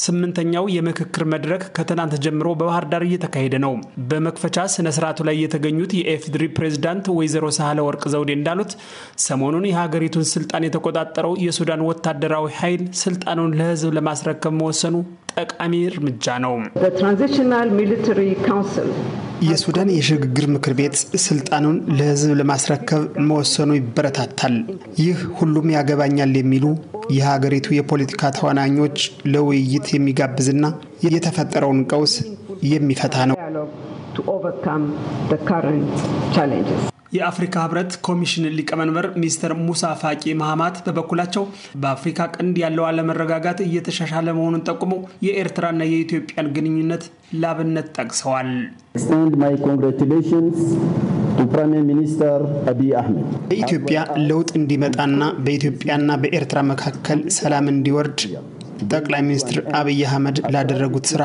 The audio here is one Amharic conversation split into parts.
ስምንተኛው የምክክር መድረክ ከትናንት ጀምሮ በባህር ዳር እየተካሄደ ነው። በመክፈቻ ስነ ስርዓቱ ላይ የተገኙት የኤፍድሪ ፕሬዝዳንት ወይዘሮ ሳህለ ወርቅ ዘውዴ እንዳሉት ሰሞኑን የሀገሪቱን ስልጣን የተቆጣጠረው የሱዳን ወታደራዊ ኃይል ስልጣኑን ለህዝብ ለማስረከብ መወሰኑ ጠቃሚ እርምጃ ነው። በትራንዚሽናል ሚሊተሪ ካውንስል የሱዳን የሽግግር ምክር ቤት ስልጣኑን ለህዝብ ለማስረከብ መወሰኑ ይበረታታል። ይህ ሁሉም ያገባኛል የሚሉ የሀገሪቱ የፖለቲካ ተዋናኞች ለውይይት የሚጋብዝና የተፈጠረውን ቀውስ የሚፈታ ነው። to overcome the current challenges. የአፍሪካ ህብረት ኮሚሽን ሊቀመንበር ሚስተር ሙሳ ፋቂ ማህማት በበኩላቸው በአፍሪካ ቀንድ ያለው አለመረጋጋት እየተሻሻለ መሆኑን ጠቁመው የኤርትራና የኢትዮጵያን ግንኙነት ላብነት ጠቅሰዋል። በኢትዮጵያ ለውጥ እንዲመጣና በኢትዮጵያና በኤርትራ መካከል ሰላም እንዲወርድ ጠቅላይ ሚኒስትር አብይ አህመድ ላደረጉት ስራ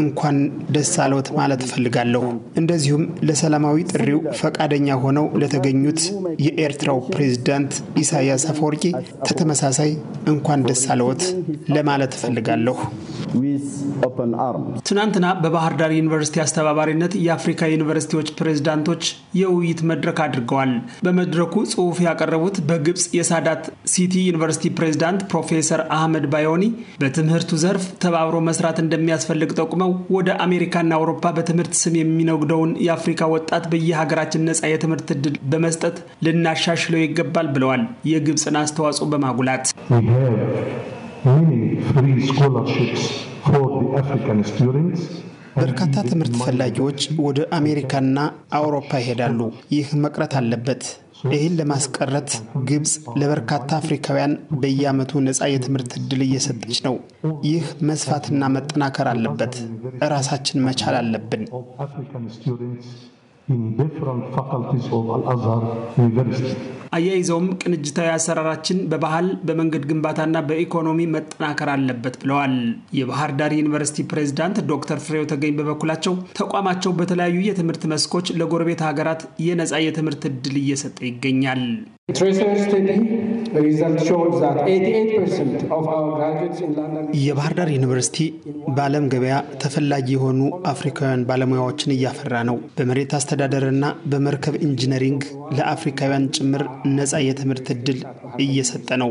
እንኳን ደስ አለዎት ማለት እፈልጋለሁ። እንደዚሁም ለሰላማዊ ጥሪው ፈቃደኛ ሆነው ለተገኙት የኤርትራው ፕሬዝዳንት ኢሳያስ አፈወርቂ ተተመሳሳይ እንኳን ደስ አለዎት ለማለት እፈልጋለሁ። ዊዝ ኦፕን ትናንትና በባህር ዳር ዩኒቨርሲቲ አስተባባሪነት የአፍሪካ ዩኒቨርሲቲዎች ፕሬዝዳንቶች የውይይት መድረክ አድርገዋል። በመድረኩ ጽሑፍ ያቀረቡት በግብፅ የሳዳት ሲቲ ዩኒቨርሲቲ ፕሬዝዳንት ፕሮፌሰር አህመድ ባዮኒ በትምህርቱ ዘርፍ ተባብሮ መስራት እንደሚያስፈልግ ጠቁመው ወደ አሜሪካና አውሮፓ በትምህርት ስም የሚነጉደውን የአፍሪካ ወጣት በየሀገራችን ነጻ የትምህርት እድል በመስጠት ልናሻሽለው ይገባል ብለዋል። የግብፅን አስተዋጽኦ በማጉላት በርካታ ትምህርት ፈላጊዎች ወደ አሜሪካና አውሮፓ ይሄዳሉ። ይህ መቅረት አለበት። ይህን ለማስቀረት ግብፅ ለበርካታ አፍሪካውያን በየዓመቱ ነፃ የትምህርት ዕድል እየሰጠች ነው። ይህ መስፋትና መጠናከር አለበት። እራሳችን መቻል አለብን። in different faculties of Al-Azhar University. አያይዘውም ቅንጅታዊ አሰራራችን በባህል በመንገድ ግንባታና በኢኮኖሚ መጠናከር አለበት ብለዋል። የባህር ዳር ዩኒቨርሲቲ ፕሬዝዳንት ዶክተር ፍሬው ተገኝ በበኩላቸው ተቋማቸው በተለያዩ የትምህርት መስኮች ለጎረቤት ሀገራት የነፃ የትምህርት ዕድል እየሰጠ ይገኛል። የባህር ዳር ዩኒቨርሲቲ በዓለም ገበያ ተፈላጊ የሆኑ አፍሪካውያን ባለሙያዎችን እያፈራ ነው። በመሬት አስተዳደርና በመርከብ ኢንጂነሪንግ ለአፍሪካውያን ጭምር ነፃ የትምህርት እድል እየሰጠ ነው።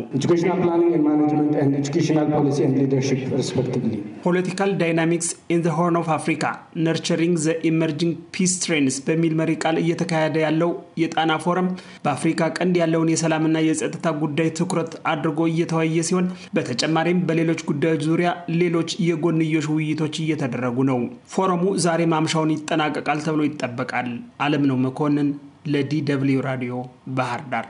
ፖለቲካል ዳይናሚክስ ኢን ዘ ሆርን ኦፍ አፍሪካ ነርቸሪንግ ዘ ኢመርጂንግ ፒስ ትሬንስ በሚል መሪ ቃል እየተካሄደ ያለው የጣና ፎረም በአፍሪካ ቀንድ ያለውን የሰላምና የጸጥታ ጉዳይ ጉዳይ ትኩረት አድርጎ እየተወያየ ሲሆን በተጨማሪም በሌሎች ጉዳዮች ዙሪያ ሌሎች የጎንዮሽ ውይይቶች እየተደረጉ ነው። ፎረሙ ዛሬ ማምሻውን ይጠናቀቃል ተብሎ ይጠበቃል። አለም ነው መኮንን ለዲ ደብልዩ ራዲዮ ባህር ዳር